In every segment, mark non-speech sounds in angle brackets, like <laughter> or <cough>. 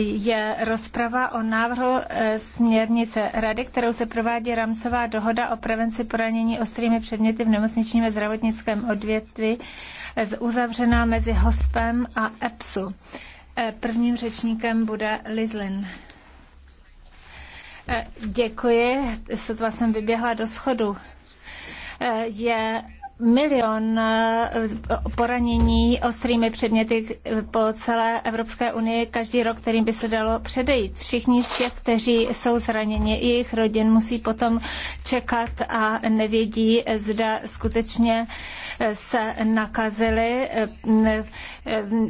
je rozprava o návrhu směrnice Rady, kterou se provádí rámcová dohoda o prevenci poranění ostrými předměty v nemocničním a zdravotnickém odvětví, uzavřená mezi HOSPem a EPSu. Prvním řečníkem bude Lizlin. Děkuji, sotva jsem vyběhla do schodu. Je milion eh, poranění ostrými předměty eh, po celé Evropské unii každý rok, kterým by se dalo předejít. Všichni z těch, kteří jsou zraněni, jejich rodin musí potom čekat a nevědí, zda skutečně eh, se nakazili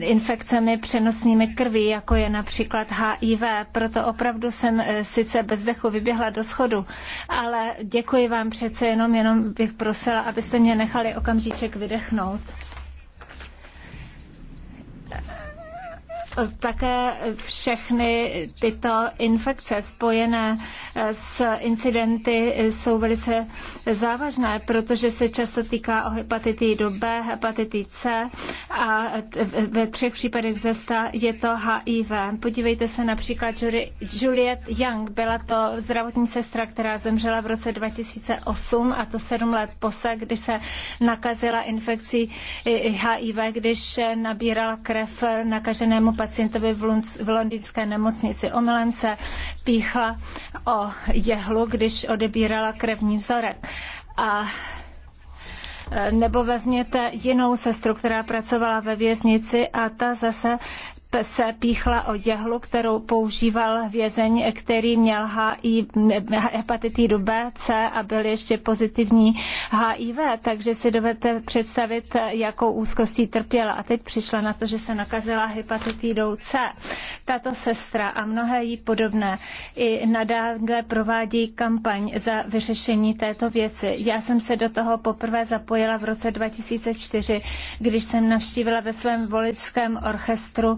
infekcemi přenosnými krví, jako je například HIV. Proto opravdu jsem sice bez dechu vyběhla do schodu, ale děkuji vám přece jenom, jenom bych prosila, abyste mě nechali nechali okamžíček vydechnout také všechny tyto infekce spojené s incidenty jsou velice závažné, protože se často týká o hepatitidu B, hepatitidu C a ve třech případech ze sta je to HIV. Podívejte se například Juliet Young, byla to zdravotní sestra, která zemřela v roce 2008 a to sedm let pose, kdy se nakazila infekcí HIV, když nabírala krev nakaženému pacientu pacientovi v londýnské nemocnici. Omylem se píchla o jehlu, když odebírala krevní vzorek. A e, nebo vezměte jinou sestru, která pracovala ve věznici a ta zase se píchla oděhlu, kterou používal vězeň, který měl hepatitidu B, C a byl ještě pozitivní HIV, takže si dovedete představit, jakou úzkostí trpěla. A teď přišla na to, že se nakazila hepatitidou C. Tato sestra a mnohé jí podobné i nadále provádí kampaň za vyřešení této věci. Já jsem se do toho poprvé zapojila v roce 2004, když jsem navštívila ve svém voličském orchestru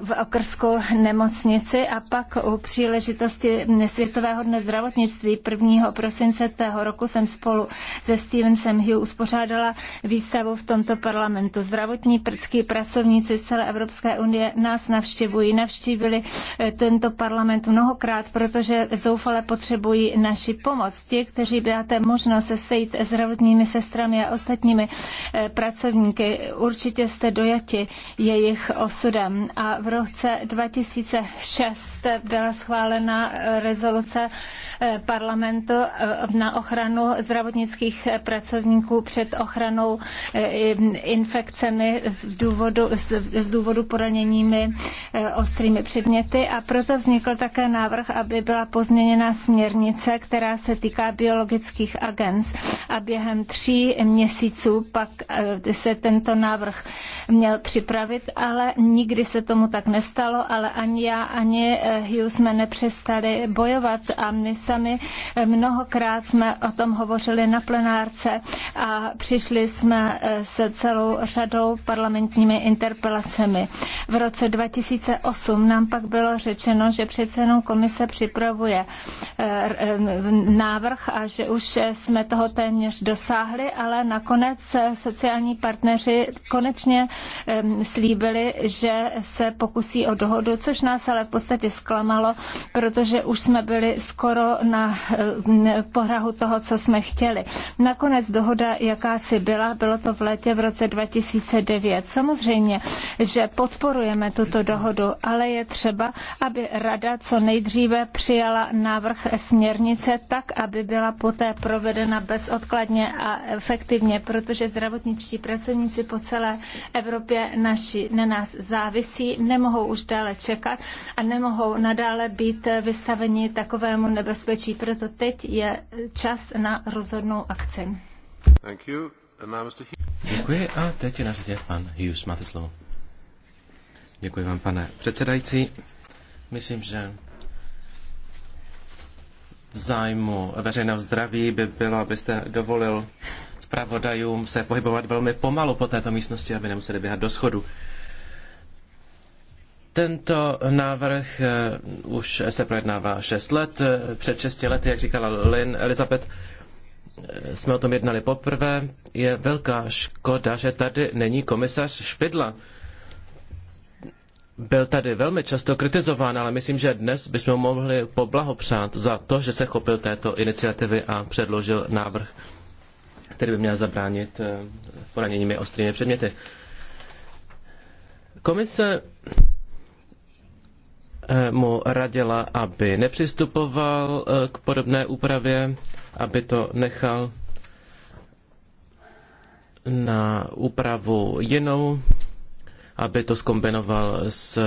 v Okrsku nemocnici a pak u příležitosti Světového dne zdravotnictví 1. prosince tého roku jsem spolu se Stevensem Hugh uspořádala výstavu v tomto parlamentu. Zdravotní prdský pracovníci z celé Evropské unie nás navštěvují. Navštívili eh, tento parlament mnohokrát, protože zoufale potřebují naši pomoc. Ti, kteří máte možnost se sejít s zdravotními sestrami a ostatními eh, pracovníky, určitě jste dojati jejich osudem a v roce 2006 byla schválena eh, rezoluce eh, parlamentu eh, na ochranu zdravotnických pracovníků před ochranou infekcemi v důvodu, z důvodu poraněními ostrými předměty a proto vznikl také návrh, aby byla pozměněna směrnice, která se týká biologických agens a během tří měsíců pak se tento návrh měl připravit, ale nikdy se tomu tak nestalo, ale ani já, ani eh, Hugh jsme nepřestali bojovat a my sami eh, mnohokrát jsme o tom hovořili na plenárce a přišli jsme eh, se celou řadou parlamentními interpelacemi. V roce 2008 nám pak bylo řečeno, že přece jenom komise připravuje návrh a že už jsme toho téměř dosáhli, ale nakonec sociální partneři konečně slíbili, že se pokusí o dohodu, což nás ale v podstatě zklamalo, protože už jsme byli skoro na eh, pohrahu toho, co jsme chtěli. Nakonec dohoda jakási byla, bylo to v létě v roce 2009. Samozřejmě, že podporujeme tuto dohodu, ale je třeba, aby Rada co nejdříve přijala návrh směrnice tak, aby byla poté provedena bezodkladně a efektivně, protože zdravotničtí pracovníci po celé Evropě naši, na nás závisí závisí, nemohou už dále čekat a nemohou nadále být vystaveni takovému nebezpečí. Proto teď je čas na rozhodnou akci. Thank you. Děkuji a teď je na řadě pan Hughes, máte slovo. Děkuji vám, pane předsedající. Myslím, že v zájmu veřejného zdraví by bylo, abyste dovolil zpravodajům se pohybovat velmi pomalu po této místnosti, aby nemuseli běhat do schodu. Tento návrh eh, už se projednává šest let. Eh, před šesti lety, jak říkala Lynn Elizabeth, eh, jsme o tom jednali poprvé. Je velká škoda, že tady není komisař Špidla. Byl tady velmi často kritizován, ale myslím, že dnes bychom mu mohli poblahopřát za to, že se chopil této iniciativy a předložil návrh, který by měl zabránit poraněními ostrými předměty. Komise mu radila, aby nepřistupoval e, k podobné úpravě, aby to nechal na úpravu jinou, aby to skombinoval s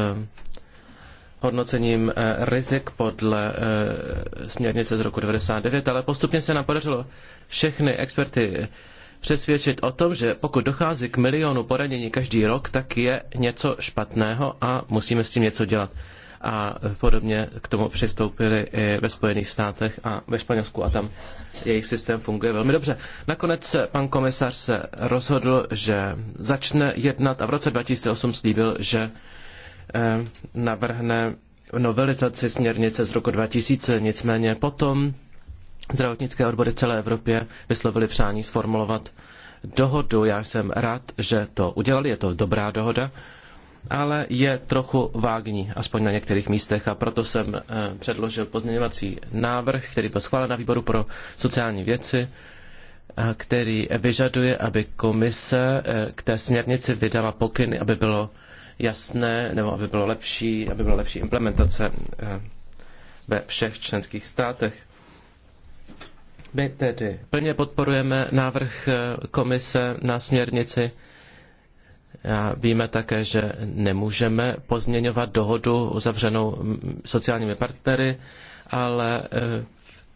hodnocením e, rizik podle e, směrnice z roku 99, ale postupně se nám podařilo všechny experty přesvědčit o tom, že pokud dochází k milionu poranění každý rok, tak je něco špatného a musíme s tím něco dělat a podobně k tomu přistoupili i ve Spojených státech a ve Španělsku a tam jejich systém funguje velmi dobře. Nakonec se pan komisař se rozhodl, že začne jednat a v roce 2008 slíbil, že eh, navrhne novelizaci směrnice z roku 2000, nicméně potom zdravotnické odbory celé Evropě vyslovili přání sformulovat dohodu. Já jsem rád, že to udělali, je to dobrá dohoda ale je trochu vágní, aspoň na některých místech a proto jsem eh, předložil pozměňovací návrh, který byl schválen na výboru pro sociální věci, eh, který vyžaduje, aby komise eh, k té směrnici vydala pokyny, aby bylo jasné, nebo aby bylo lepší, aby byla lepší implementace ve všech členských státech. My tedy plně podporujeme návrh komise na směrnici já víme také, že nemůžeme pozměňovat dohodu uzavřenou sociálními partnery, ale e,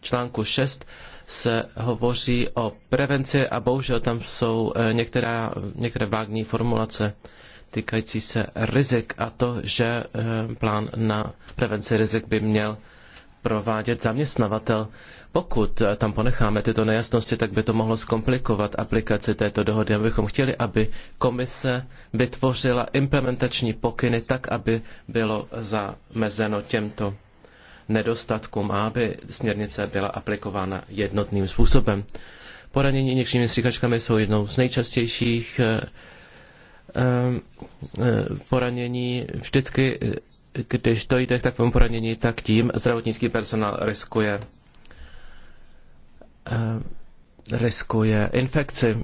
v článku 6 se hovoří o prevenci a bohužel tam jsou e, některá, některé vágní formulace týkající se rizik a to, že e, plán na prevenci rizik by měl provádět zaměstnavatel. Pokud tam ponecháme tyto nejasnosti, tak by to mohlo zkomplikovat aplikaci této dohody. bychom chtěli, aby komise vytvořila implementační pokyny tak, aby bylo zamezeno těmto nedostatkům a aby směrnice byla aplikována jednotným způsobem. Poranění některými stříkačkami jsou jednou z nejčastějších eh, eh, poranění. Vždycky když dojde k takovému poranění, tak tím zdravotnický personál riskuje eh, riskuje infekci.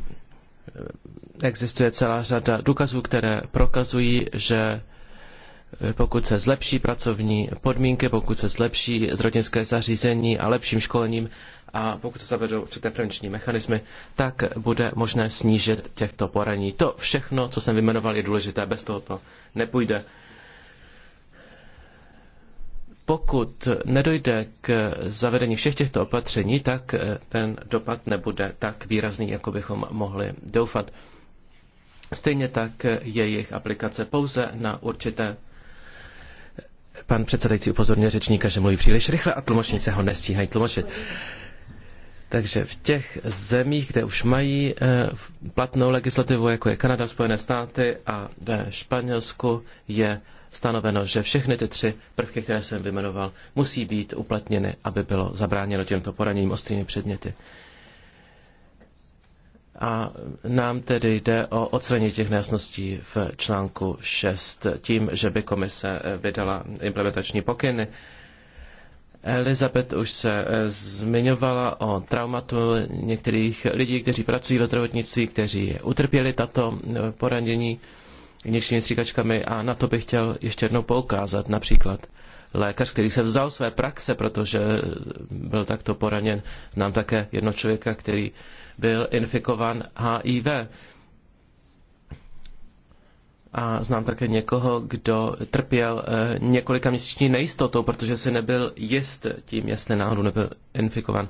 Existuje celá řada důkazů, které prokazují, že eh, pokud se zlepší pracovní podmínky, pokud se zlepší zdravotnické zařízení a lepším školením a pokud se zavedou určité prevenční mechanismy, tak bude možné snížit těchto poranění. To všechno, co jsem vymenoval, je důležité. Bez toho to nepůjde pokud nedojde k zavedení všech těchto opatření, tak eh, ten dopad nebude tak výrazný, jako bychom mohli doufat. Stejně tak eh, je jejich aplikace pouze na určité. Pan předsedající upozorňuje řečníka, že mluví příliš rychle a tlumočnice ho nestíhají tlumočit. Takže v těch zemích, kde už mají eh, platnou legislativu, jako je Kanada, Spojené státy a ve Španělsku, je stanoveno, že všechny ty tři prvky, které jsem vymenoval, musí být uplatněny, aby bylo zabráněno těmto poraněním ostrými předměty. A nám tedy jde o ocenění těch nejasností v článku 6 tím, že by komise eh, vydala implementační pokyny. Elizabeth už se eh, zmiňovala o traumatu některých lidí, kteří pracují ve zdravotnictví, kteří utrpěli tato eh, poranění vnitřními stříkačkami a na to bych chtěl ještě jednou poukázat. Například lékař, který se vzal své praxe, protože byl takto poraněn. Znám také jedno člověka, který byl infikovan HIV. A znám také někoho, kdo trpěl eh, několika měsíční nejistotou, protože si nebyl jist tím, jestli náhodou nebyl infikovan.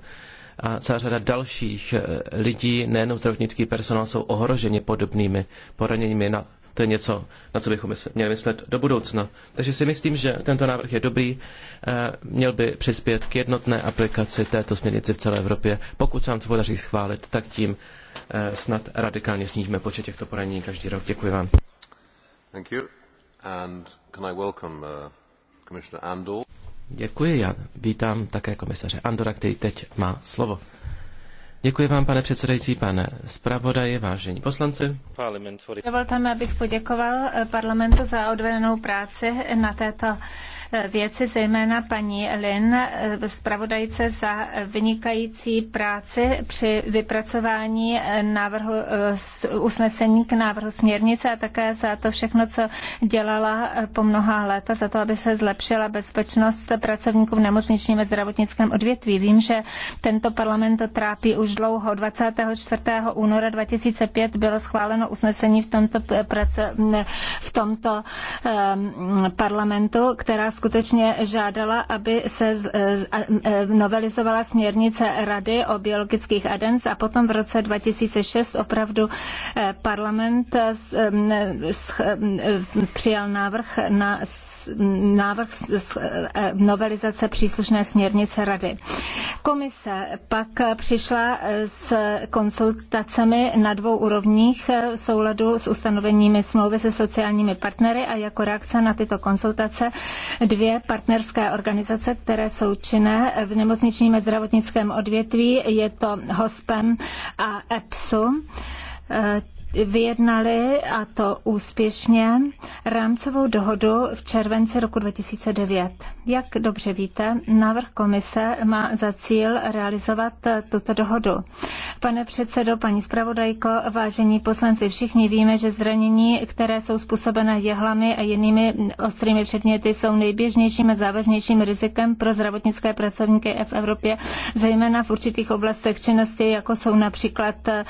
A celá řada dalších eh, lidí, nejenom zdravotnický personál, jsou ohroženi podobnými poraněními na to je něco, na co bychom měli myslet do budoucna. Takže si myslím, že tento návrh je dobrý, eh, měl by přispět k jednotné aplikaci této směrnice v celé Evropě. Pokud se nám to podaří schválit, tak tím eh, snad radikálně snížíme počet těchto poranění každý rok. Děkuji vám. Thank you. And can I welcome, uh, Andor? Děkuji, já vítám také komisaře Andora, který teď má slovo. Děkuji vám, pane předsedající, pane zpravodaje, vážení poslanci. Dovolte mi, abych poděkoval eh, parlamentu za odvedenou práci na této věci, zejména paní Lin, zpravodajce za vynikající práci při vypracování návrhu eh, usnesení k návrhu směrnice a také za to všechno, co dělala eh, po mnoha léta, za to, aby se zlepšila bezpečnost pracovníků v nemocničním a zdravotnickém odvětví. Vím, že tento parlament trápí už dlouho. 24. února 2005 bylo schváleno usnesení v tomto, eh, prace, v tomto parlamentu, která skutečně žádala, aby se e, e, novelizovala směrnice Rady o biologických adens a potom v roce 2006 opravdu e, parlament přijal návrh na návrh novelizace příslušné směrnice Rady. Komise pak přišla s konsultacemi na dvou úrovních v souladu s ustanoveními smlouvy se sociálními partnery a jako reakce na tyto konsultace dvě partnerské organizace, které jsou činné v nemocničním a zdravotnickém odvětví. Je to HOSPEN a EPSU vyjednali, a to úspěšně, rámcovou dohodu v červenci roku 2009. Jak dobře víte, návrh komise má za cíl realizovat tuto dohodu. Pane předsedo, paní zpravodajko, vážení poslanci, všichni víme, že zranění, které jsou způsobené jehlami a jinými ostrými předměty, jsou nejběžnějším a závažnějším rizikem pro zdravotnické pracovníky v Evropě, zejména v určitých oblastech činnosti, jako jsou například eh,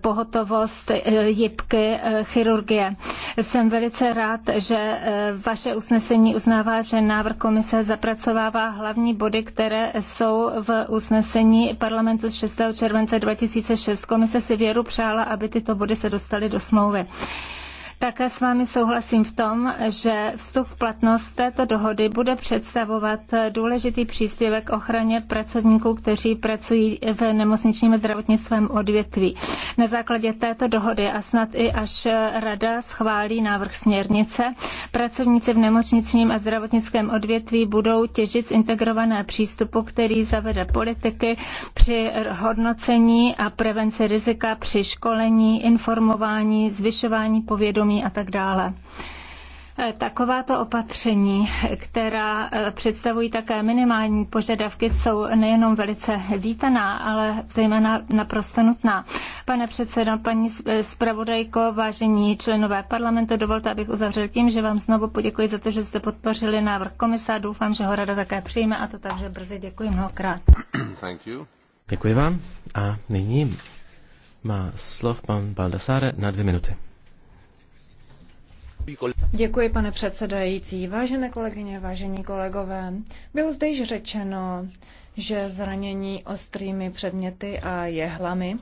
pohotovost, Eh, jipky eh, chirurgie. Jsem velice rád, že eh, vaše usnesení uznává, že návrh komise zapracovává hlavní body, které jsou v usnesení parlamentu z 6. července 2006. Komise si věru přála, aby tyto body se dostaly do smlouvy. Také s vámi souhlasím v tom, že vstup v platnost této dohody bude představovat důležitý příspěvek ochraně pracovníků, kteří pracují v nemocničním zdravotnickém odvětví. Na základě této dohody a snad i až rada schválí návrh směrnice, pracovníci v nemocničním a zdravotnickém odvětví budou těžit z integrované přístupu, který zavede politiky při hodnocení a prevenci rizika, při školení, informování, zvyšování povědomí soukromí a tak dále. Eh, takováto opatření, která eh, představují také minimální požadavky, jsou nejenom velice vítaná, ale zejména naprosto nutná. Pane předsedo, paní eh, zpravodajko, vážení členové parlamentu, dovolte, abych uzavřel tím, že vám znovu poděkuji za to, že jste podpořili návrh komisa. Doufám, že ho rada také přijme a to takže brzy. Děkuji mnohokrát. <clears throat> Thank you. Děkuji vám a nyní má slov pan Baldassare na dvě minuty. Děkuji, pane předsedající. Vážené kolegyně, vážení kolegové, bylo zde již řečeno, že zranění ostrými předměty a jehlami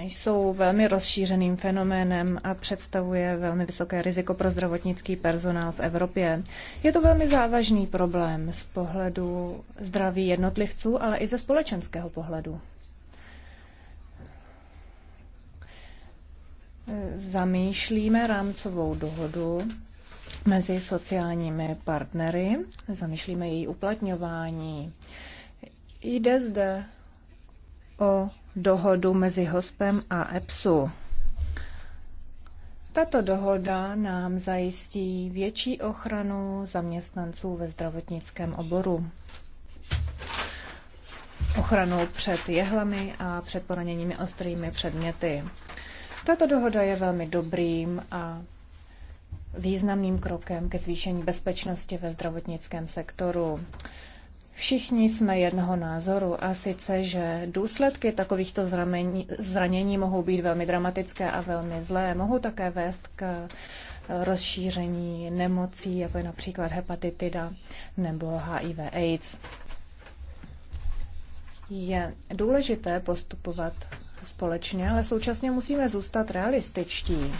jsou velmi rozšířeným fenoménem a představuje velmi vysoké riziko pro zdravotnický personál v Evropě. Je to velmi závažný problém z pohledu zdraví jednotlivců, ale i ze společenského pohledu. zamýšlíme rámcovou dohodu mezi sociálními partnery, zamýšlíme její uplatňování. Jde zde o dohodu mezi HOSPem a EPSu. Tato dohoda nám zajistí větší ochranu zaměstnanců ve zdravotnickém oboru. Ochranu před jehlami a před poraněními ostrými předměty. Tato dohoda je velmi dobrým a významným krokem ke zvýšení bezpečnosti ve zdravotnickém sektoru. Všichni jsme jednoho názoru a sice, že důsledky takovýchto zranění, zranění mohou být velmi dramatické a velmi zlé. Mohou také vést k rozšíření nemocí, jako je například hepatitida nebo HIV AIDS. Je důležité postupovat společně, ale současně musíme zůstat realističtí.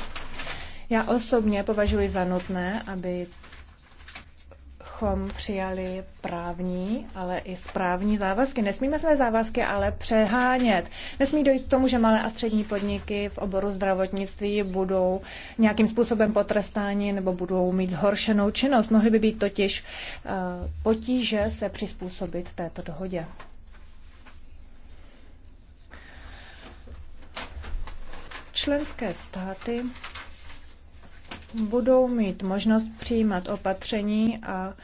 Já osobně považuji za nutné, aby chom přijali právní, ale i správní závazky. Nesmíme své závazky ale přehánět. Nesmí dojít k tomu, že malé a střední podniky v oboru zdravotnictví budou nějakým způsobem potrestáni nebo budou mít horšenou činnost. Mohly by být totiž eh, potíže se přizpůsobit této dohodě. Členské státy budou mít možnost přijímat opatření a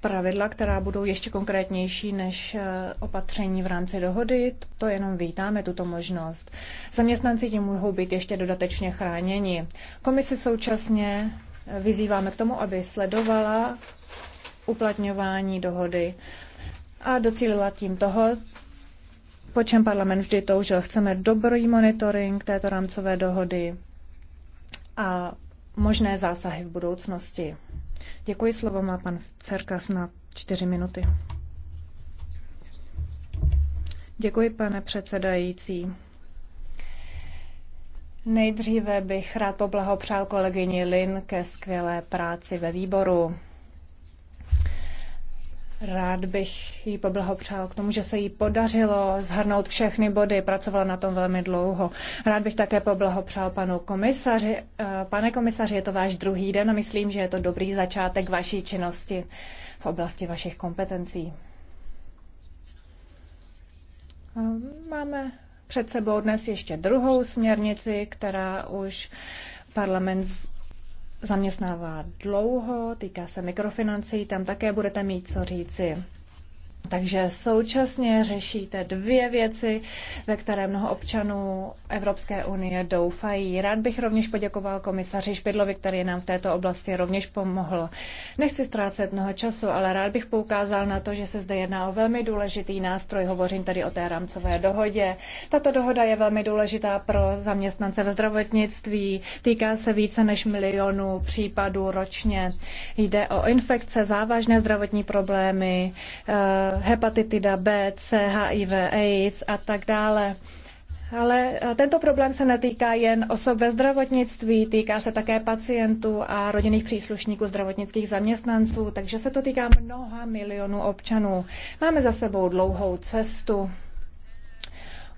pravidla, která budou ještě konkrétnější než eh, opatření v rámci dohody. To jenom vítáme, tuto možnost. Zaměstnanci tím mohou být ještě dodatečně chráněni. Komise současně eh, vyzýváme k tomu, aby sledovala uplatňování dohody a docílila tím toho, po čem parlament vždy toužil. Chceme dobrý monitoring této rámcové dohody a možné zásahy v budoucnosti. Děkuji, slovo má pan Cerkas na čtyři minuty. Děkuji, pane předsedající. Nejdříve bych rád poblahopřál kolegyni Lin ke skvělé práci ve výboru. Rád bych jí poblahopřál k tomu, že se jí podařilo zhrnout všechny body, pracovala na tom velmi dlouho. Rád bych také poblahopřál panu komisaři. Eh, pane komisaři, je to váš druhý den a myslím, že je to dobrý začátek vaší činnosti v oblasti vašich kompetencí. Eh, máme před sebou dnes ještě druhou směrnici, která už parlament zaměstnává dlouho, týká se mikrofinancí, tam také budete mít co říci. Takže současně řešíte dvě věci, ve které mnoho občanů Evropské unie doufají. Rád bych rovněž poděkoval komisaři Špidlovi, který nám v této oblasti rovněž pomohl. Nechci ztrácet mnoho času, ale rád bych poukázal na to, že se zde jedná o velmi důležitý nástroj. Hovořím tady o té rámcové dohodě. Tato dohoda je velmi důležitá pro zaměstnance ve zdravotnictví. Týká se více než milionů případů ročně. Jde o infekce, závažné zdravotní problémy, eh, hepatitida B, C, HIV, AIDS a tak dále. Ale eh, tento problém se netýká jen osob ve zdravotnictví, týká se také pacientů a rodinných příslušníků zdravotnických zaměstnanců, takže se to týká mnoha milionů občanů. Máme za sebou dlouhou cestu.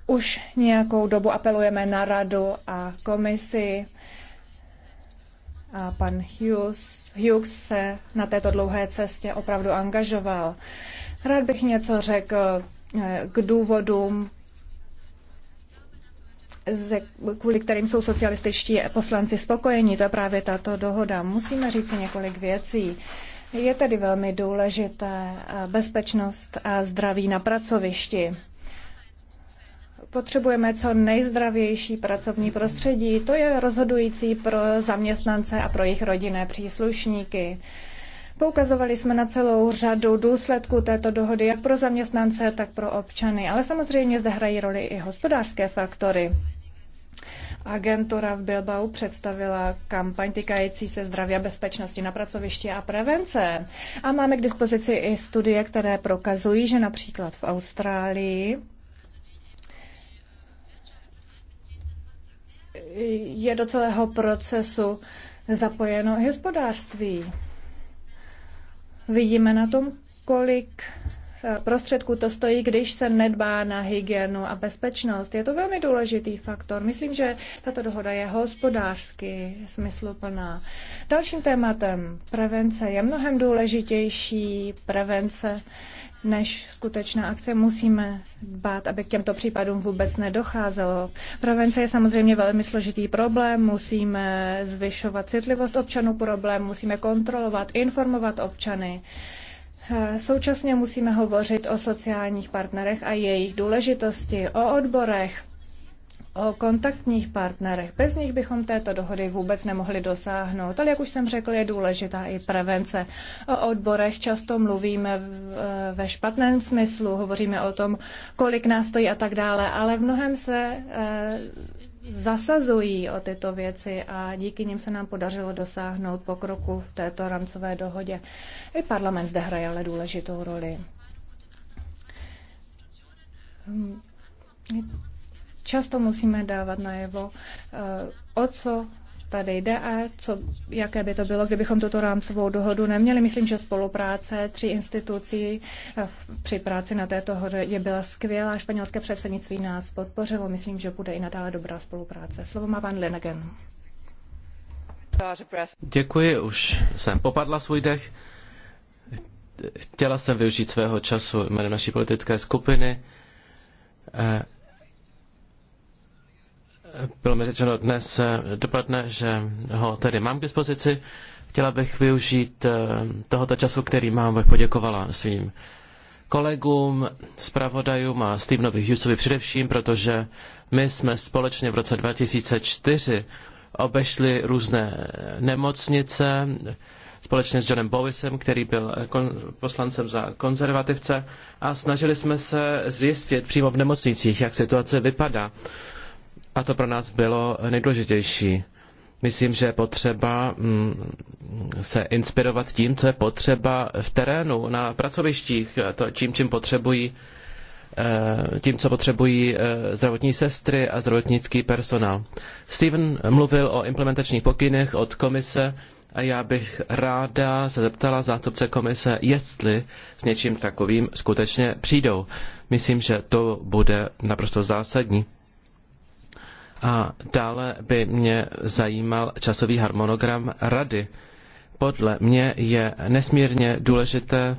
Už nějakou dobu apelujeme na radu a komisi, a pan Hughes, Hughes se na této dlouhé cestě opravdu angažoval. Rád bych něco řekl eh, k důvodům, kvůli kterým jsou socialističtí poslanci spokojení. To je právě tato dohoda. Musíme říct několik věcí. Je tedy velmi důležité eh, bezpečnost a zdraví na pracovišti. Potřebujeme co nejzdravější pracovní prostředí. To je rozhodující pro zaměstnance a pro jejich rodinné příslušníky. Poukazovali jsme na celou řadu důsledků této dohody, jak pro zaměstnance, tak pro občany. Ale samozřejmě zde hrají roli i hospodářské faktory. Agentura v Bilbao představila kampaň týkající se zdraví a bezpečnosti na pracovišti a prevence. A máme k dispozici i studie, které prokazují, že například v Austrálii je do celého procesu zapojeno i hospodářství. Vidíme na tom, kolik eh, prostředků to stojí, když se nedbá na hygienu a bezpečnost. Je to velmi důležitý faktor. Myslím, že tato dohoda je hospodářsky smysluplná. Dalším tématem prevence je mnohem důležitější prevence než skutečná akce, musíme dbát, aby k těmto případům vůbec nedocházelo. Prevence je samozřejmě velmi složitý problém, musíme zvyšovat citlivost občanů problém, musíme kontrolovat, informovat občany. Současně musíme hovořit o sociálních partnerech a jejich důležitosti, o odborech, o kontaktních partnerech. Bez nich bychom této dohody vůbec nemohli dosáhnout. Ale jak už jsem řekl, je důležitá i prevence. O odborech často mluvíme e, ve špatném smyslu, hovoříme o tom, kolik nás stojí a tak dále, ale v mnohem se e, zasazují o tyto věci a díky nim se nám podařilo dosáhnout pokroku v této rámcové dohodě. I parlament zde hraje ale důležitou roli často musíme dávat najevo, eh, o co tady jde a co, jaké by to bylo, kdybychom tuto rámcovou dohodu neměli. Myslím, že spolupráce tří institucí eh, při práci na této hodě byla skvělá. Španělské předsednictví nás podpořilo. Myslím, že bude i nadále dobrá spolupráce. Slovo má pan Linegen. Děkuji, už jsem popadla svůj dech. Chtěla jsem využít svého času jménem naší politické skupiny eh, bylo mi řečeno dnes eh, dopadne, že ho tedy mám k dispozici. Chtěla bych využít eh, tohoto času, který mám, bych poděkovala svým kolegům, zpravodajům a Stevenovi Hughesovi především, protože my jsme společně v roce 2004 obešli různé nemocnice, společně s Johnem Bowisem, který byl poslancem za konzervativce a snažili jsme se zjistit přímo v nemocnicích, jak situace vypadá. A to pro nás bylo nejdůležitější. Myslím, že je potřeba mm, se inspirovat tím, co je potřeba v terénu, na pracovištích, to, tím, čím potřebují eh, tím, co potřebují eh, zdravotní sestry a zdravotnický personál. Steven mluvil o implementačních pokynech od komise a já bych ráda se zeptala zástupce komise, jestli s něčím takovým skutečně přijdou. Myslím, že to bude naprosto zásadní. A dále by mě zajímal časový harmonogram rady. Podle mě je nesmírně důležité,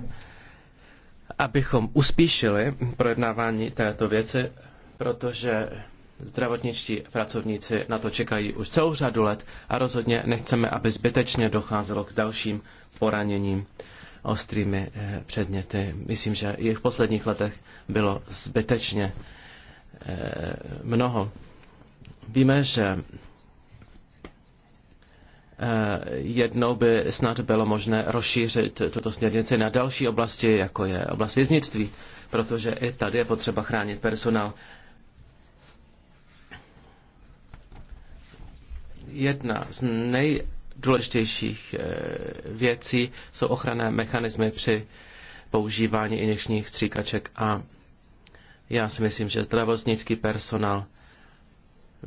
abychom uspíšili projednávání této věci, protože zdravotničtí pracovníci na to čekají už celou řadu let a rozhodně nechceme, aby zbytečně docházelo k dalším poraněním ostrými eh, předměty. Myslím, že i v posledních letech bylo zbytečně eh, mnoho. Víme, že eh, jednou by snad bylo možné rozšířit tuto směrnici na další oblasti, jako je oblast věznictví, protože i tady je potřeba chránit personál. Jedna z nejdůležitějších eh, věcí jsou ochranné mechanismy při používání injekčních stříkaček a já si myslím, že zdravotnický personál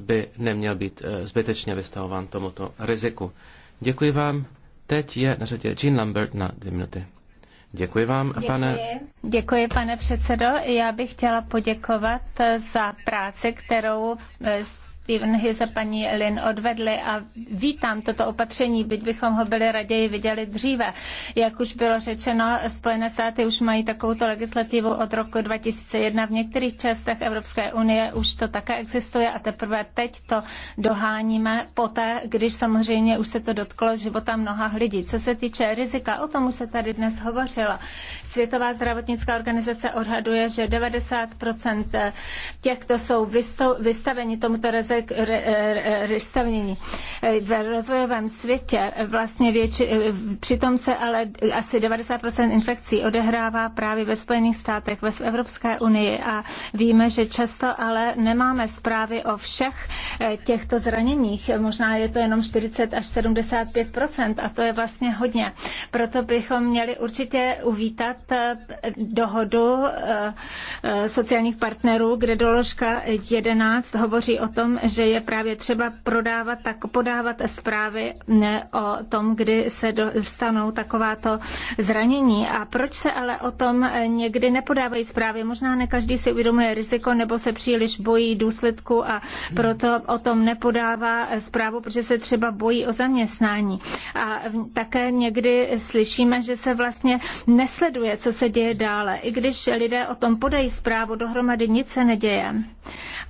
by neměl být eh, zbytečně vystavován tomuto riziku. Děkuji vám. Teď je na řadě Jean Lambert na dvě minuty. Děkuji vám, Děkuji. pane. Děkuji, pane předsedo. Já bych chtěla poděkovat za práci, kterou eh, Steven Hughes a paní Lynn odvedli a vítám toto opatření, byť bychom ho byli raději viděli dříve. Jak už bylo řečeno, Spojené státy už mají takovouto legislativu od roku 2001. V některých částech Evropské unie už to také existuje a teprve teď to doháníme poté, když samozřejmě už se to dotklo života mnoha lidí. Co se týče rizika, o tom už se tady dnes hovořilo. Světová zdravotnická organizace odhaduje, že 90% těch, kdo jsou vystaveni tomuto rezervu, re, restavnění. V rozvojovém světě vlastně větši, přitom se ale asi 90% infekcí odehrává právě ve Spojených státech, ve Evropské unii a víme, že často ale nemáme zprávy o všech eh, těchto zraněních. Možná je to jenom 40 až 75% a to je vlastně hodně. Proto bychom měli určitě uvítat eh, dohodu eh, sociálních partnerů, kde doložka 11 hovoří o tom, že je právě třeba prodávat, tak podávat zprávy o tom, kdy se dostanou takováto zranění. A proč se ale o tom někdy nepodávají zprávy? Možná ne každý si uvědomuje riziko nebo se příliš bojí důsledku a proto o tom nepodává zprávu, protože se třeba bojí o zaměstnání. A také někdy slyšíme, že se vlastně nesleduje, co se děje dále. I když lidé o tom podají zprávu, dohromady nic se neděje.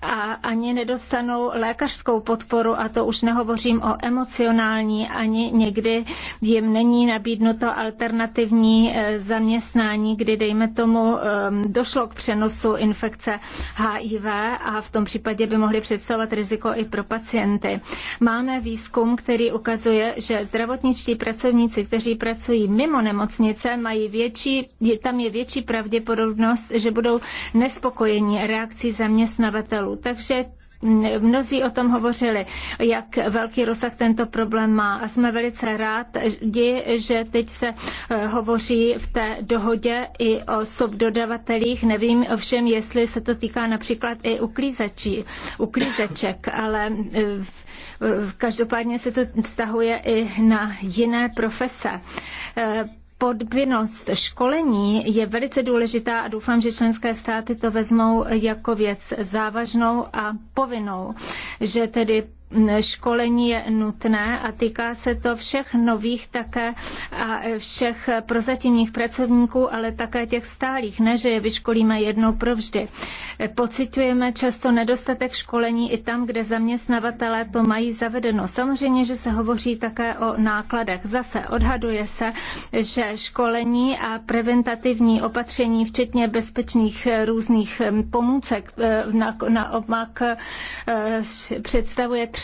A ani nedostanou lékařskou podporu a to už nehovořím o emocionální, ani někdy jim není nabídnuto alternativní eh, zaměstnání, kdy dejme tomu ehm, došlo k přenosu infekce HIV a v tom případě by mohly představovat riziko i pro pacienty. Máme výzkum, který ukazuje, že zdravotničtí pracovníci, kteří pracují mimo nemocnice, mají větší, tam je větší pravděpodobnost, že budou nespokojeni reakcí zaměstnavatelů. Takže Mnozí o tom hovořili, jak velký rozsah tento problém má a jsme velice rádi, že teď se eh, hovoří v té dohodě i o subdodavatelích. Nevím ovšem, jestli se to týká například i uklízečí, uklízeček, ale eh, každopádně se to vztahuje i na jiné profese. Eh, podvinnost školení je velice důležitá a doufám, že členské státy to vezmou jako věc závažnou a povinnou, že tedy školení je nutné a týká se to všech nových také a všech prozatímních pracovníků, ale také těch stálých, ne, že je vyškolíme jednou provždy. Pocitujeme často nedostatek školení i tam, kde zaměstnavatelé to mají zavedeno. Samozřejmě, že se hovoří také o nákladech. Zase odhaduje se, že školení a preventativní opatření, včetně bezpečných různých pomůcek eh, na, na obmak, eh, představuje tři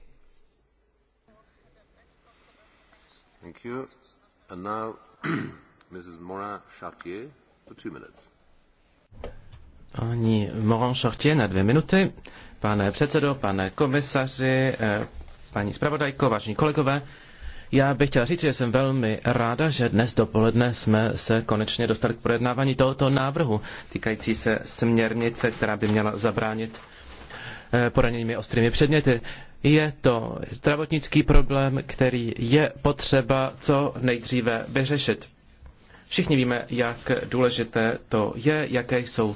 Chartier na dvě minuty. Pane předsedo, pane komisaři, eh, paní zpravodajko, vážení kolegové, já bych chtěla říct, že jsem velmi ráda, že dnes dopoledne jsme se konečně dostali k projednávání tohoto návrhu týkající se směrnice, která by měla zabránit eh, poraněními ostrými předměty. Je to zdravotnický problém, který je potřeba co nejdříve vyřešit. Všichni víme, jak důležité to je, jaké jsou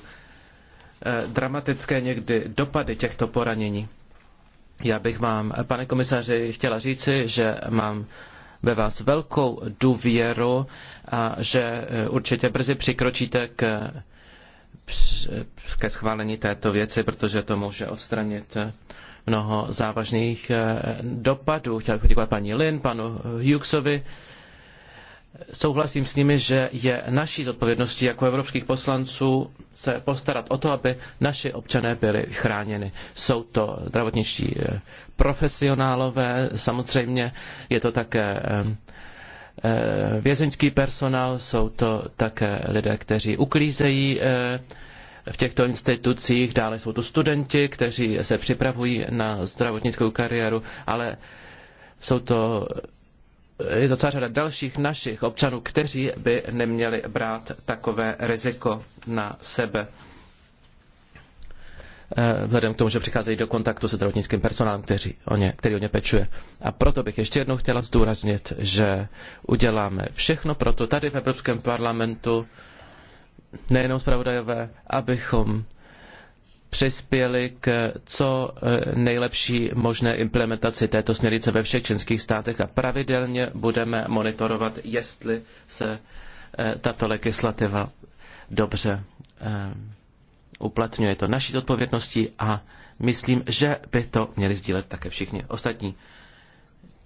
eh, dramatické někdy dopady těchto poranění. Já bych vám, pane komisaři, chtěla říci, že mám ve vás velkou důvěru a že eh, určitě brzy přikročíte k, eh, ke schválení této věci, protože to může odstranit mnoho závažných eh, dopadů. Chtěl bych poděkovat paní Lin, panu Hughesovi. Souhlasím s nimi, že je naší zodpovědností jako evropských poslanců se postarat o to, aby naši občané byli chráněni. Jsou to zdravotničtí eh, profesionálové, samozřejmě je to také eh, vězeňský personál, jsou to také lidé, kteří uklízejí v těchto institucích, dále jsou tu studenti, kteří se připravují na zdravotnickou kariéru, ale jsou to je docela řada dalších našich občanů, kteří by neměli brát takové riziko na sebe. Eh, vzhledem k tomu, že přicházejí do kontaktu se zdravotnickým personálem, který o ně, který o ně pečuje. A proto bych ještě jednou chtěla zdůraznit, že uděláme všechno proto tady v Evropském parlamentu, nejenom zpravodajové, abychom přispěli k co e, nejlepší možné implementaci této směrnice ve všech členských státech a pravidelně budeme monitorovat, jestli se e, tato legislativa dobře e, uplatňuje. To naší odpovědnosti a myslím, že by to měli sdílet také všichni ostatní.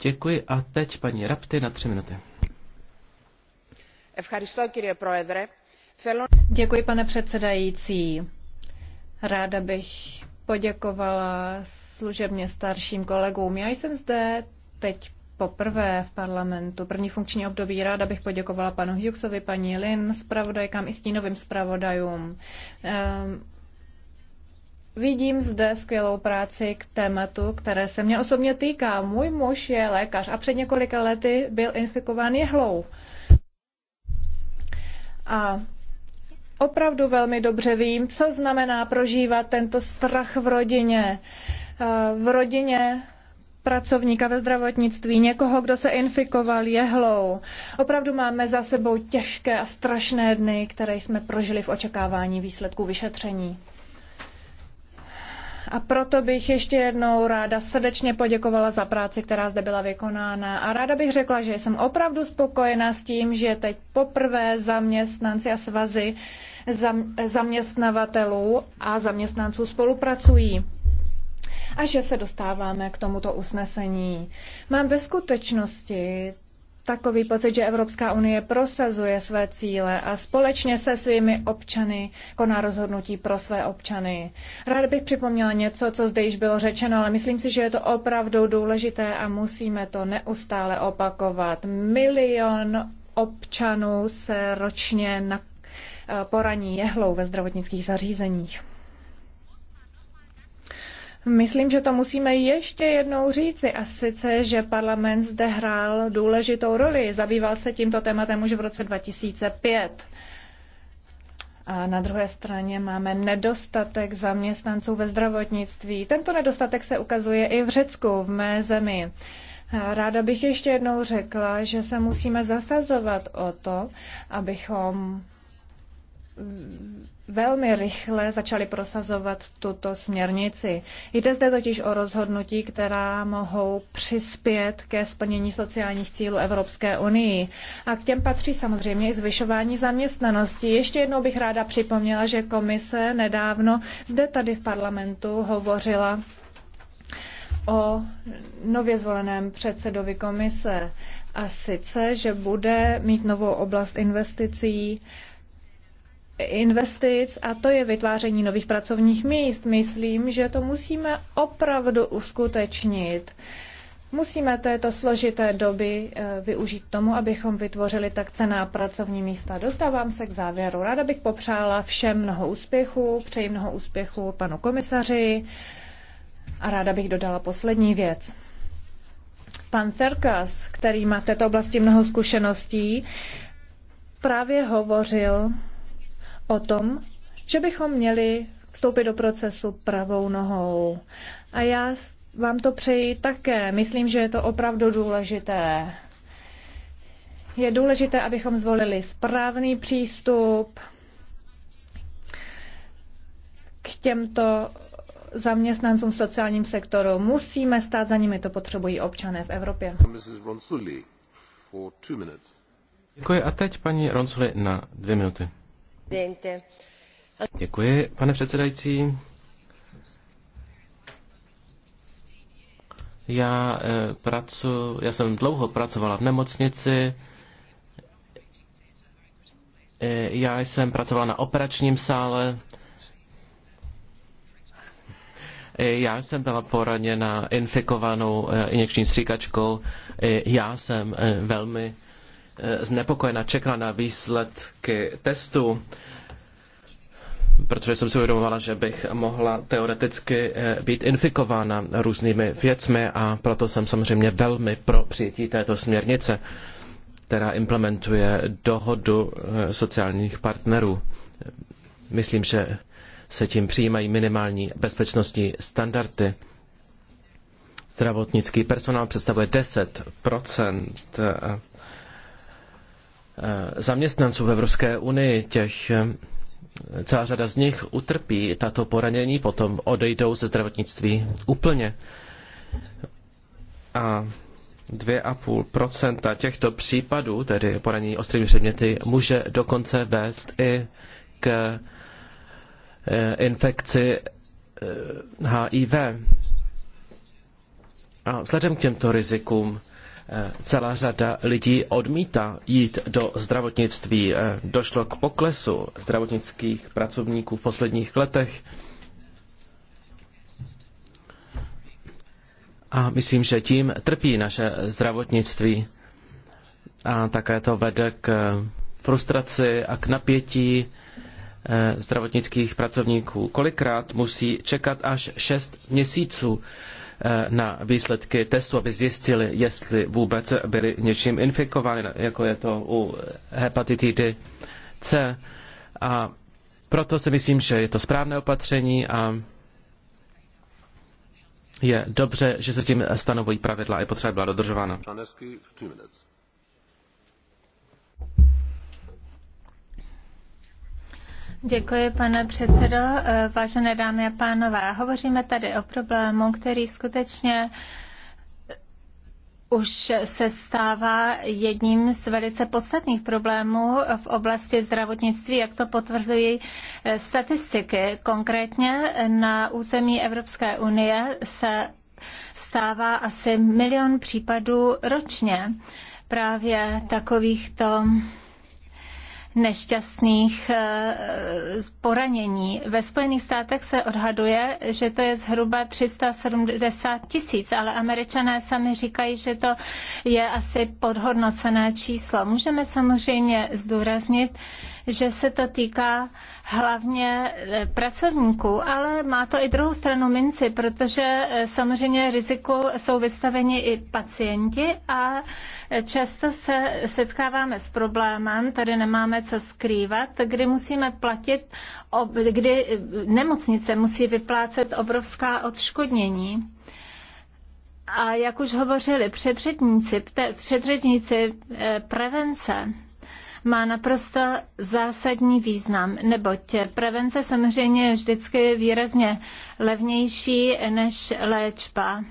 Děkuji a teď paní Rapty na tři minuty. Ευχαριστώ κύριε Πρόεδρε. Děkuji, pane předsedající. Ráda bych poděkovala služebně starším kolegům. Já jsem zde teď poprvé v parlamentu. První funkční období ráda bych poděkovala panu Hughesovi, paní Lin, zpravodajkám i stínovým zpravodajům. Ehm, vidím zde skvělou práci k tématu, které se mě osobně týká. Můj muž je lékař a před několika lety byl infikován jehlou. A opravdu velmi dobře vím, co znamená prožívat tento strach v rodině. Eh, v rodině pracovníka ve zdravotnictví, někoho, kdo se infikoval jehlou. Opravdu máme za sebou těžké a strašné dny, které jsme prožili v očekávání výsledků vyšetření. A proto bych ještě jednou ráda srdečně poděkovala za práci, která zde byla vykonána. A ráda bych řekla, že jsem opravdu spokojená s tím, že teď poprvé zaměstnanci a svazy zaměstnavatelů a zaměstnanců spolupracují a že se dostáváme k tomuto usnesení. Mám ve skutečnosti takový pocit, že Evropská unie prosazuje své cíle a společně se svými občany koná rozhodnutí pro své občany. Rád bych připomněla něco, co zde již bylo řečeno, ale myslím si, že je to opravdu důležité a musíme to neustále opakovat. Milion občanů se ročně na eh, poraní jehlou ve zdravotnických zařízeních. Myslím, že to musíme ještě jednou říci a sice, že parlament zde hrál důležitou roli. Zabýval se tímto tématem už v roce 2005. A na druhé straně máme nedostatek zaměstnanců ve zdravotnictví. Tento nedostatek se ukazuje i v Řecku, v mé zemi. Ráda bych ještě jednou řekla, že se musíme zasazovat o to, abychom velmi rychle začali prosazovat tuto směrnici. Jde zde totiž o rozhodnutí, která mohou přispět ke splnění sociálních cílů Evropské unii. A k těm patří samozřejmě i zvyšování zaměstnanosti. Ještě jednou bych ráda připomněla, že komise nedávno zde tady v parlamentu hovořila o nově zvoleném předsedovi komise. A sice, že bude mít novou oblast investicí, investic a to je vytváření nových pracovních míst. Myslím, že to musíme opravdu uskutečnit. Musíme této složité doby e, využít tomu, abychom vytvořili tak cená pracovní místa. Dostávám se k závěru. Ráda bych popřála všem mnoho úspěchů, přeji mnoho úspěchů panu komisaři a ráda bych dodala poslední věc. Pan Cerkas, který má v této oblasti mnoho zkušeností, právě hovořil o tom, že bychom měli vstoupit do procesu pravou nohou. A já vám to přeji také. Myslím, že je to opravdu důležité. Je důležité, abychom zvolili správný přístup k těmto zaměstnancům v sociálním sektoru. Musíme stát za nimi, to potřebují občané v Evropě. Děkuji a teď paní Ronsuli na dvě minuty pane předsedající. Já, eh, pracu, já jsem dlouho pracovala v nemocnici. Eh, já jsem pracovala na operačním sále. Eh, já jsem byla poraněna infikovanou injekční stříkačkou. Já jsem velmi Eh, znepokojena, čekala na výsledky testu, protože jsem si uvědomovala, že bych mohla teoreticky eh, být infikována různými věcmi a proto jsem samozřejmě velmi pro přijetí této směrnice, která implementuje dohodu eh, sociálních partnerů. Myslím, že se tím přijímají minimální bezpečnostní standardy. Zdravotnický personál představuje 10 Eh, zaměstnanců v Evropské unii, těch eh, celá řada z nich utrpí tato poranění, potom odejdou ze zdravotnictví úplně. A 2,5% těchto případů, tedy poranění ostrými předměty, může dokonce vést i k eh, infekci HIV. A vzhledem k těmto rizikům celá řada lidí odmítá jít do zdravotnictví. Eh, došlo k poklesu zdravotnických pracovníků v posledních letech. A myslím, že tím trpí naše zdravotnictví. A také to vede k eh, frustraci a k napětí eh, zdravotnických pracovníků. Kolikrát musí čekat až šest měsíců Eh, na výsledky testu, aby zjistili, jestli vůbec byli něčím infikovány, jako je to u hepatitidy C. A proto si myslím, že je to správné opatření a je dobře, že se tím stanovují pravidla a je potřeba byla dodržována. Děkuji, pane předsedo. Eh, vážené dámy a pánové, hovoříme tady o problému, který skutečně už se stává jedním z velice podstatných problémů v oblasti zdravotnictví, jak to potvrzují eh, statistiky. Konkrétně na území Evropské unie se stává asi milion případů ročně právě takovýchto nešťastných eh, poranění. Ve Spojených státech se odhaduje, že to je zhruba 370 tisíc, ale američané sami říkají, že to je asi podhodnocené číslo. Můžeme samozřejmě zdůraznit, že se to týká hlavně eh, pracovníků, ale má to i druhou stranu minci, protože eh, samozřejmě riziku jsou vystaveni i pacienti a eh, často se setkáváme s problémem, tady nemáme co skrývat, kdy musíme platit, kdy nemocnice musí vyplácet obrovská odškodnění. A jak už hovořili předředníci, předředníci prevence, má naprosto zásadní význam, neboť prevence samozřejmě je vždycky výrazně levnější než léčba.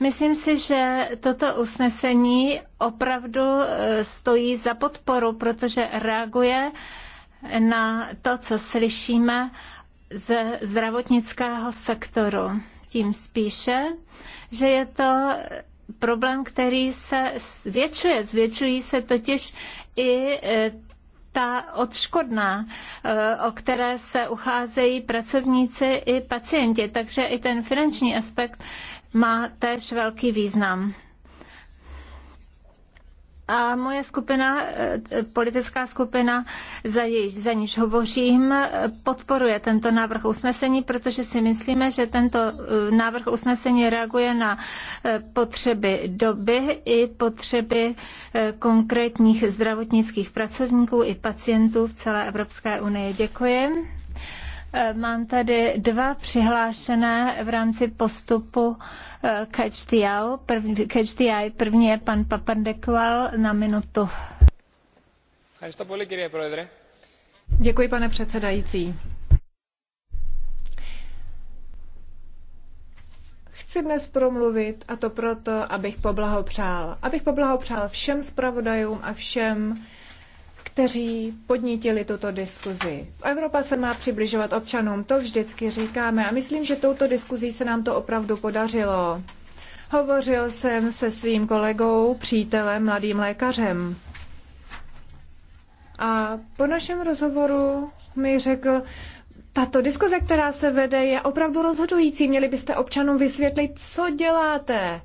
Myslím si, že toto usnesení opravdu eh, stojí za podporu, protože reaguje na to, co slyšíme ze zdravotnického sektoru. Tím spíše, že je to problém, který se zvětšuje. Zvětšují se totiž i e, ta odškodná, e, o které se ucházejí pracovníci i pacienti. Takže i ten finanční aspekt má též velký význam. A moje skupina, eh, politická skupina, za, jej, za níž hovořím, podporuje tento návrh usnesení, protože si myslíme, že tento eh, návrh usnesení reaguje na eh, potřeby doby i potřeby konkrétních zdravotnických pracovníků i pacientů v celé Evropské unii. Děkuji. Eh, mám tady dva přihlášené v rámci postupu eh, Catch the Eye. První, Catch the Eye. První je pan Papandekval na minutu. Děkuji, pane předsedající. Chci dnes promluvit a to proto, abych poblahopřál. Abych poblahopřál všem zpravodajům a všem kteří podnítili tuto diskuzi. Evropa se má přibližovat občanům, to vždycky říkáme a myslím, že touto diskuzí se nám to opravdu podařilo. Hovořil jsem se svým kolegou, přítelem, mladým lékařem. A po našem rozhovoru mi řekl, tato diskuze, která se vede, je opravdu rozhodující. Měli byste občanům vysvětlit, co děláte.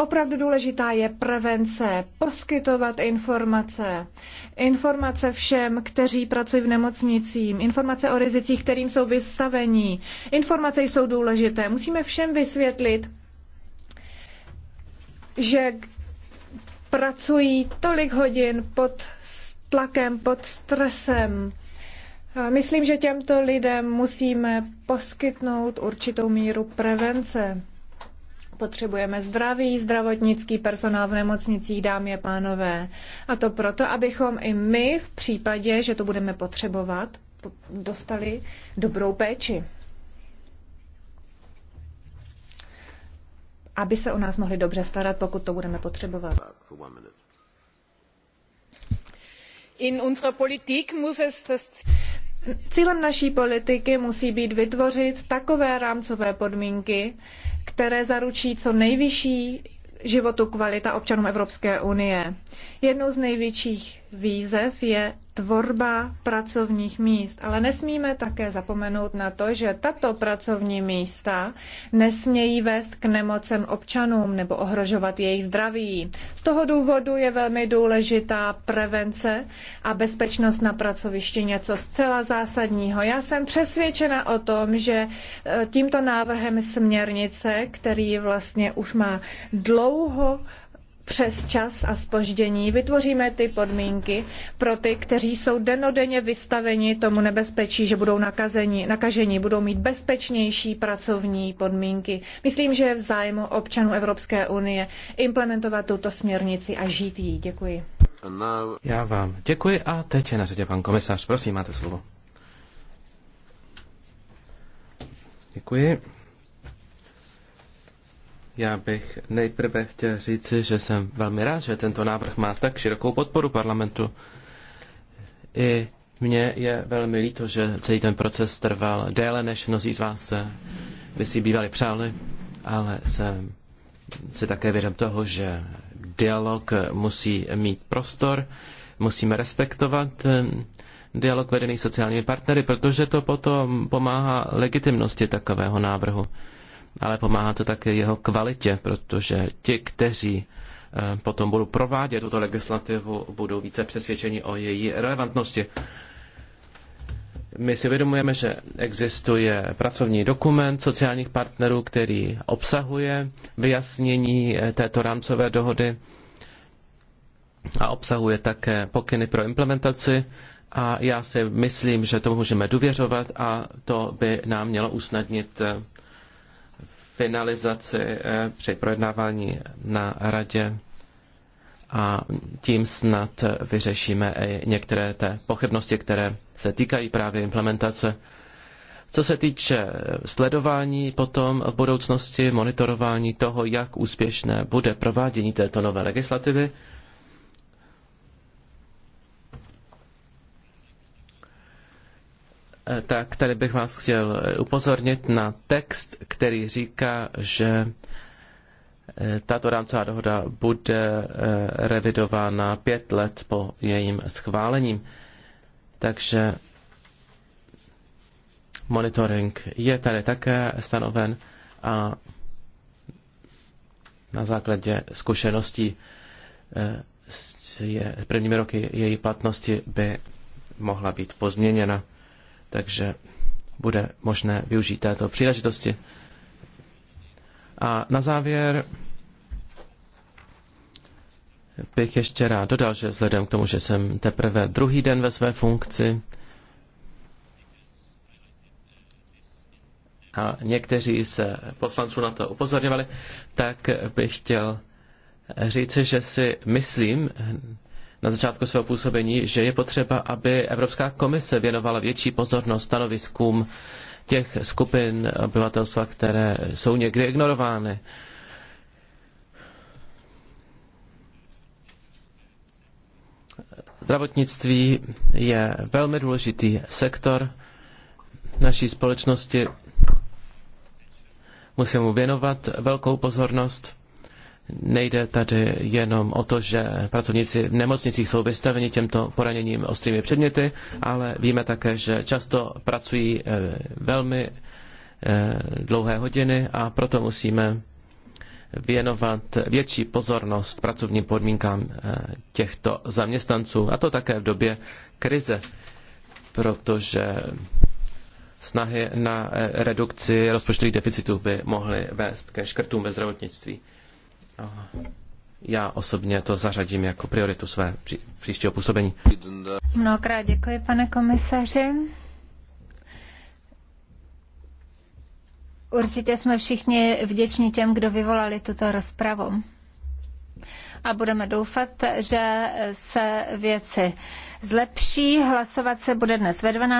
Opravdu důležitá je prevence, poskytovat informace, informace všem, kteří pracují v nemocnicím, informace o rizicích, kterým jsou vystavení. Informace jsou důležité. Musíme všem vysvětlit, že pracují tolik hodin pod tlakem, pod stresem. Myslím, že těmto lidem musíme poskytnout určitou míru prevence. Potřebujeme zdravý zdravotnický personál v nemocnicích, dámy a pánové. A to proto, abychom i my v případě, že to budeme potřebovat, dostali dobrou péči. Aby se o nás mohli dobře starat, pokud to budeme potřebovat. In unserer Politik muss es das Cílem naší politiky musí být vytvořit takové rámcové podmínky, které zaručí co nejvyšší životu kvalita občanům Evropské unie. Jednou z největších výzev je tvorba pracovních míst. Ale nesmíme také zapomenout na to, že tato pracovní místa nesmějí vést k nemocem občanům nebo ohrožovat jejich zdraví. Z toho důvodu je velmi důležitá prevence a bezpečnost na pracovišti něco zcela zásadního. Já jsem přesvědčena o tom, že e, tímto návrhem směrnice, který vlastně už má dlouho přes čas a spoždění, vytvoříme ty podmínky pro ty, kteří jsou denodenně vystaveni tomu nebezpečí, že budou nakazeni, nakaženi, budou mít bezpečnější pracovní podmínky. Myslím, že je v zájmu občanů Evropské unie implementovat tuto směrnici a žít jí. Děkuji. Já vám děkuji a teď je na řadě pan komisař. Prosím, máte slovo. Děkuji. Já bych nejprve chtěl říci, že jsem velmi rád, že tento návrh má tak širokou podporu parlamentu. I mně je velmi líto, že celý ten proces trval déle, než mnozí z vás by si bývali přáli, ale jsem si také vědom toho, že dialog musí mít prostor, musíme respektovat dialog vedený sociálními partnery, protože to potom pomáhá legitimnosti takového návrhu ale pomáhá to také jeho kvalitě, protože ti, kteří eh, potom budou provádět tuto legislativu, budou více přesvědčeni o její relevantnosti. My si uvědomujeme, že existuje pracovní dokument sociálních partnerů, který obsahuje vyjasnění eh, této rámcové dohody a obsahuje také pokyny pro implementaci a já si myslím, že tomu můžeme důvěřovat a to by nám mělo usnadnit eh, finalizaci eh, při projednávání na radě a tím snad vyřešíme i některé té pochybnosti, které se týkají právě implementace. Co se týče sledování potom v budoucnosti, monitorování toho, jak úspěšné bude provádění této nové legislativy, Eh, tak tady bych vás chtěl eh, upozornit na text, který říká, že eh, tato rámcová dohoda bude revidována pět let po jejím schválením. Takže monitoring je tady také stanoven a na základě zkušeností s prvními roky její platnosti by mohla být pozměněna takže bude možné využít této příležitosti. A na závěr bych ještě rád dodal, že vzhledem k tomu, že jsem teprve druhý den ve své funkci a někteří se poslanců na to upozorňovali, tak bych chtěl říci, že si myslím, na začátku svého působení, že je potřeba, aby Evropská komise věnovala větší pozornost stanoviskům těch skupin obyvatelstva, které jsou někdy ignorovány. Zdravotnictví je velmi důležitý sektor naší společnosti. Musíme mu věnovat velkou pozornost. Nejde tady jenom o to, že pracovníci v nemocnicích jsou vystaveni těmto poraněním ostrými předměty, ale víme také, že často pracují eh, velmi eh, dlouhé hodiny a proto musíme věnovat větší pozornost pracovním podmínkám eh, těchto zaměstnanců. A to také v době krize, protože snahy na redukci rozpočtových deficitů by mohly vést ke škrtům ve zdravotnictví já osobně to zařadím jako prioritu své pří, příštího působení. Mnohokrát děkuji, pane komisaři. Určitě jsme všichni vděční těm, kdo vyvolali tuto rozpravu. A budeme doufat, že se věci zlepší. Hlasovat se bude dnes ve 12.